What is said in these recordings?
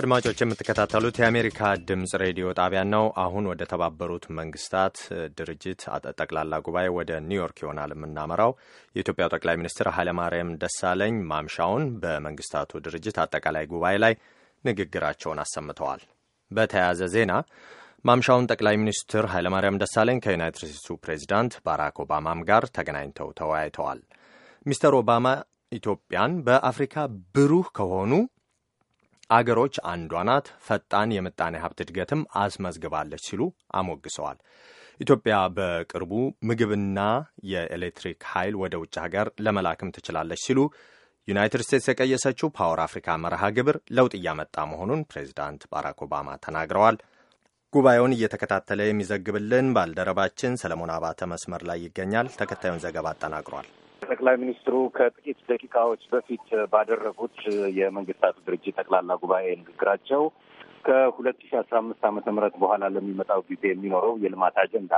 አድማጮች የምትከታተሉት የአሜሪካ ድምፅ ሬዲዮ ጣቢያ ነው። አሁን ወደ ተባበሩት መንግስታት ድርጅት ጠቅላላ ጉባኤ ወደ ኒውዮርክ ይሆናል የምናመራው። የኢትዮጵያው ጠቅላይ ሚኒስትር ኃይለማርያም ደሳለኝ ማምሻውን በመንግስታቱ ድርጅት አጠቃላይ ጉባኤ ላይ ንግግራቸውን አሰምተዋል። በተያያዘ ዜና ማምሻውን ጠቅላይ ሚኒስትር ኃይለማርያም ደሳለኝ ከዩናይትድ ስቴትሱ ፕሬዚዳንት ባራክ ኦባማም ጋር ተገናኝተው ተወያይተዋል። ሚስተር ኦባማ ኢትዮጵያን በአፍሪካ ብሩህ ከሆኑ አገሮች አንዷ ናት፣ ፈጣን የምጣኔ ሀብት እድገትም አስመዝግባለች ሲሉ አሞግሰዋል። ኢትዮጵያ በቅርቡ ምግብና የኤሌክትሪክ ኃይል ወደ ውጭ ሀገር ለመላክም ትችላለች ሲሉ ዩናይትድ ስቴትስ የቀየሰችው ፓወር አፍሪካ መርሃ ግብር ለውጥ እያመጣ መሆኑን ፕሬዚዳንት ባራክ ኦባማ ተናግረዋል። ጉባኤውን እየተከታተለ የሚዘግብልን ባልደረባችን ሰለሞን አባተ መስመር ላይ ይገኛል። ተከታዩን ዘገባ አጠናቅሯል። ጠቅላይ ሚኒስትሩ ከጥቂት ደቂቃዎች በፊት ባደረጉት የመንግስታቱ ድርጅት ጠቅላላ ጉባኤ ንግግራቸው ከሁለት ሺ አስራ አምስት ዓመተ ምህረት በኋላ ለሚመጣው ጊዜ የሚኖረው የልማት አጀንዳ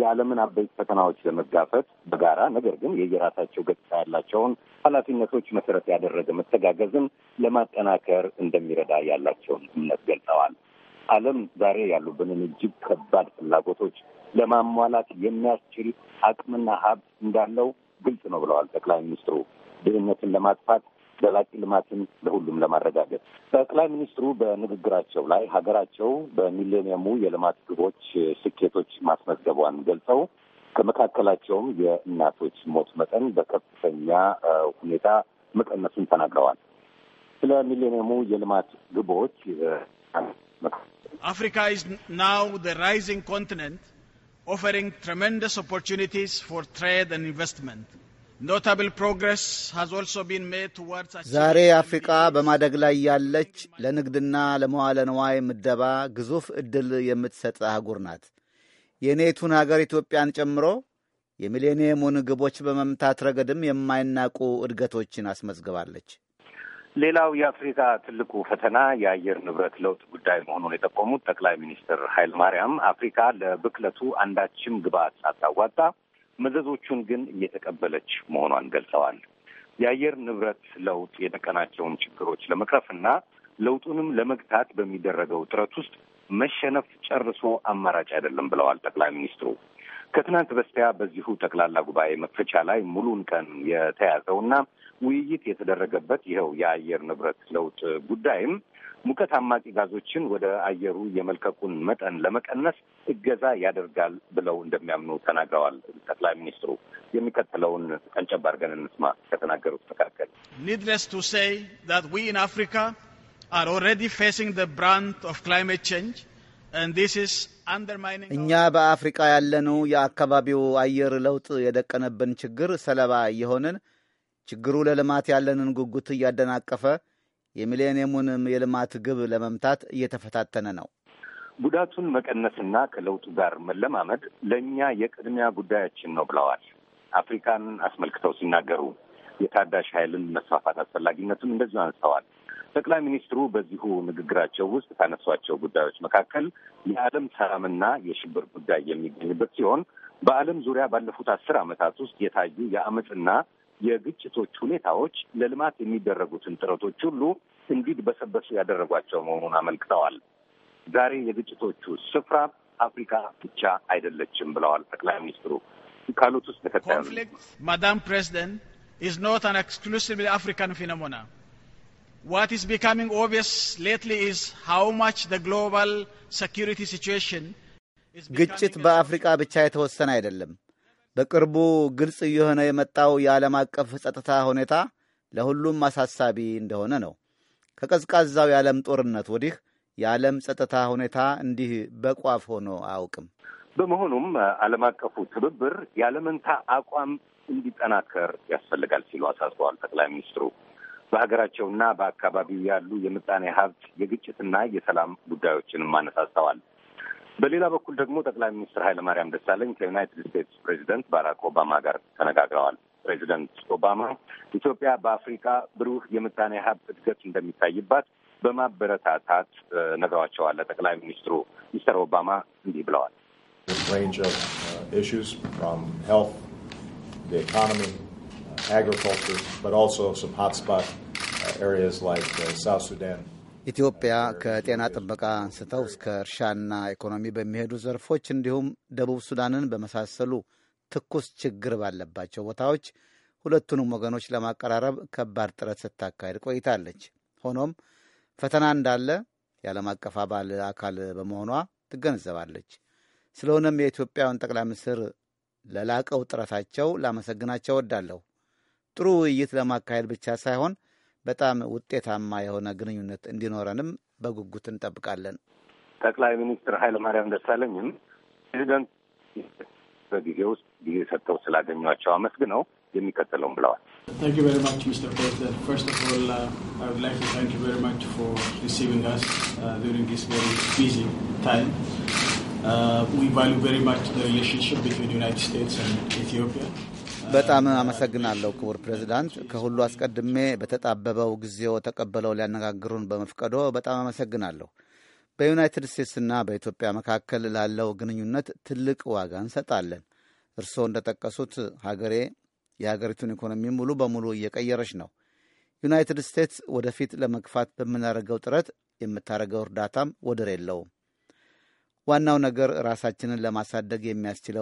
የዓለምን አበይት ፈተናዎች ለመጋፈጥ በጋራ ነገር ግን የየራሳቸው ገጽታ ያላቸውን ኃላፊነቶች መሰረት ያደረገ መተጋገዝን ለማጠናከር እንደሚረዳ ያላቸውን እምነት ገልጸዋል። ዓለም ዛሬ ያሉብንን እጅግ ከባድ ፍላጎቶች ለማሟላት የሚያስችል አቅምና ሀብት እንዳለው ግልጽ ነው ብለዋል ጠቅላይ ሚኒስትሩ። ድህነትን ለማጥፋት ዘላቂ ልማትን ለሁሉም ለማረጋገጥ ጠቅላይ ሚኒስትሩ በንግግራቸው ላይ ሀገራቸው በሚሌኒየሙ የልማት ግቦች ስኬቶች ማስመዝገቧን ገልጸው ከመካከላቸውም የእናቶች ሞት መጠን በከፍተኛ ሁኔታ መቀነሱን ተናግረዋል። ስለ ሚሌኒየሙ የልማት ግቦች አፍሪካ ኢዝ ናው ዘ ራይዚንግ ኮንቲነንት offering tremendous opportunities for trade and investment. Notable progress has also been made towards ዛሬ አፍሪቃ በማደግ ላይ ያለች ለንግድና ለመዋለ ነዋይ ምደባ ግዙፍ ዕድል የምትሰጥ አህጉር ናት። የኔቱን ሀገር ኢትዮጵያን ጨምሮ የሚሌኒየሙን ግቦች በመምታት ረገድም የማይናቁ እድገቶችን አስመዝግባለች። ሌላው የአፍሪካ ትልቁ ፈተና የአየር ንብረት ለውጥ ጉዳይ መሆኑን የጠቆሙት ጠቅላይ ሚኒስትር ኃይለማርያም አፍሪካ ለብክለቱ አንዳችም ግብዓት ሳታዋጣ መዘዞቹን ግን እየተቀበለች መሆኗን ገልጸዋል። የአየር ንብረት ለውጥ የደቀናቸውን ችግሮች ለመቅረፍና ለውጡንም ለመግታት በሚደረገው ጥረት ውስጥ መሸነፍ ጨርሶ አማራጭ አይደለም ብለዋል ጠቅላይ ሚኒስትሩ። ከትናንት በስቲያ በዚሁ ጠቅላላ ጉባኤ መክፈቻ ላይ ሙሉን ቀን የተያዘውና ውይይት የተደረገበት ይኸው የአየር ንብረት ለውጥ ጉዳይም ሙቀት አማቂ ጋዞችን ወደ አየሩ የመልቀቁን መጠን ለመቀነስ እገዛ ያደርጋል ብለው እንደሚያምኑ ተናግረዋል። ጠቅላይ ሚኒስትሩ የሚከተለውን ቀንጨብ አድርገን እንስማ። ከተናገሩት መካከል ኒድለስ ቱ ሴይ ዛት ዊ ኢን አፍሪካ አር ኦልሬዲ ፌሲንግ ብራንት ኦፍ ክላይሜት ቼንጅ እኛ በአፍሪቃ ያለነው የአካባቢው አየር ለውጥ የደቀነብን ችግር ሰለባ እየሆንን ችግሩ ለልማት ያለንን ጉጉት እያደናቀፈ የሚሌኒየሙንም የልማት ግብ ለመምታት እየተፈታተነ ነው። ጉዳቱን መቀነስና ከለውጡ ጋር መለማመድ ለእኛ የቅድሚያ ጉዳያችን ነው ብለዋል። አፍሪካን አስመልክተው ሲናገሩ የታዳሽ ኃይልን መስፋፋት አስፈላጊነቱን እንደዚሁ አንስተዋል። ጠቅላይ ሚኒስትሩ በዚሁ ንግግራቸው ውስጥ ካነሷቸው ጉዳዮች መካከል የዓለም ሰላምና የሽብር ጉዳይ የሚገኝበት ሲሆን በዓለም ዙሪያ ባለፉት አስር ዓመታት ውስጥ የታዩ የአመፅና የግጭቶች ሁኔታዎች ለልማት የሚደረጉትን ጥረቶች ሁሉ እንዲድበሰበሱ ያደረጓቸው መሆኑን አመልክተዋል። ዛሬ የግጭቶቹ ስፍራ አፍሪካ ብቻ አይደለችም ብለዋል ጠቅላይ ሚኒስትሩ ካሉት ውስጥ ተከታዩ ማዳም ፕሬዚደንት ኢዝ ኖት አን ኤክስክሉሲቭሊ አፍሪካን ፊኖሞና What is becoming obvious lately is how much the global security situation is ግጭት በአፍሪቃ ብቻ የተወሰነ አይደለም። በቅርቡ ግልጽ እየሆነ የመጣው የዓለም አቀፍ ጸጥታ ሁኔታ ለሁሉም አሳሳቢ እንደሆነ ነው። ከቀዝቃዛው የዓለም ጦርነት ወዲህ የዓለም ጸጥታ ሁኔታ እንዲህ በቋፍ ሆኖ አያውቅም። በመሆኑም ዓለም አቀፉ ትብብር የዓለምንታ አቋም እንዲጠናከር ያስፈልጋል ሲሉ አሳስበዋል ጠቅላይ ሚኒስትሩ። በሀገራቸውና በአካባቢው ያሉ የምጣኔ ሀብት የግጭትና የሰላም ጉዳዮችንም አነሳስተዋል። በሌላ በኩል ደግሞ ጠቅላይ ሚኒስትር ኃይለማርያም ደሳለኝ ከዩናይትድ ስቴትስ ፕሬዚደንት ባራክ ኦባማ ጋር ተነጋግረዋል። ፕሬዚደንት ኦባማ ኢትዮጵያ በአፍሪካ ብሩህ የምጣኔ ሀብት እድገት እንደሚታይባት በማበረታታት ነግረዋቸዋል። ጠቅላይ ሚኒስትሩ ሚስተር ኦባማ እንዲህ ብለዋል። agriculture, but also some hotspot uh, areas like uh, South Sudan. ኢትዮጵያ ከጤና ጥበቃ አንስተው እስከ እርሻና ኢኮኖሚ በሚሄዱ ዘርፎች እንዲሁም ደቡብ ሱዳንን በመሳሰሉ ትኩስ ችግር ባለባቸው ቦታዎች ሁለቱንም ወገኖች ለማቀራረብ ከባድ ጥረት ስታካሄድ ቆይታለች። ሆኖም ፈተና እንዳለ የዓለም አቀፍ አባል አካል በመሆኗ ትገነዘባለች። ስለሆነም የኢትዮጵያን ጠቅላይ ሚኒስትር ለላቀው ጥረታቸው ላመሰግናቸው እወዳለሁ። ጥሩ ውይይት ለማካሄድ ብቻ ሳይሆን በጣም ውጤታማ የሆነ ግንኙነት እንዲኖረንም በጉጉት እንጠብቃለን። ጠቅላይ ሚኒስትር ኃይለማርያም ደሳለኝም ፕሬዚደንት በጊዜ ውስጥ ጊዜ ሰጥተው ስላገኟቸው አመስግነው የሚከተለውን ብለዋል። በጣም አመሰግናለሁ ክቡር ፕሬዚዳንት። ከሁሉ አስቀድሜ በተጣበበው ጊዜው ተቀበለው ሊያነጋግሩን በመፍቀዶ በጣም አመሰግናለሁ። በዩናይትድ ስቴትስና በኢትዮጵያ መካከል ላለው ግንኙነት ትልቅ ዋጋ እንሰጣለን። እርስዎ እንደጠቀሱት ሀገሬ የሀገሪቱን ኢኮኖሚ ሙሉ በሙሉ እየቀየረች ነው። ዩናይትድ ስቴትስ ወደፊት ለመግፋት በምናደርገው ጥረት የምታደርገው እርዳታም ወደር የለውም። ዋናው ነገር ራሳችንን ለማሳደግ የሚያስችለውን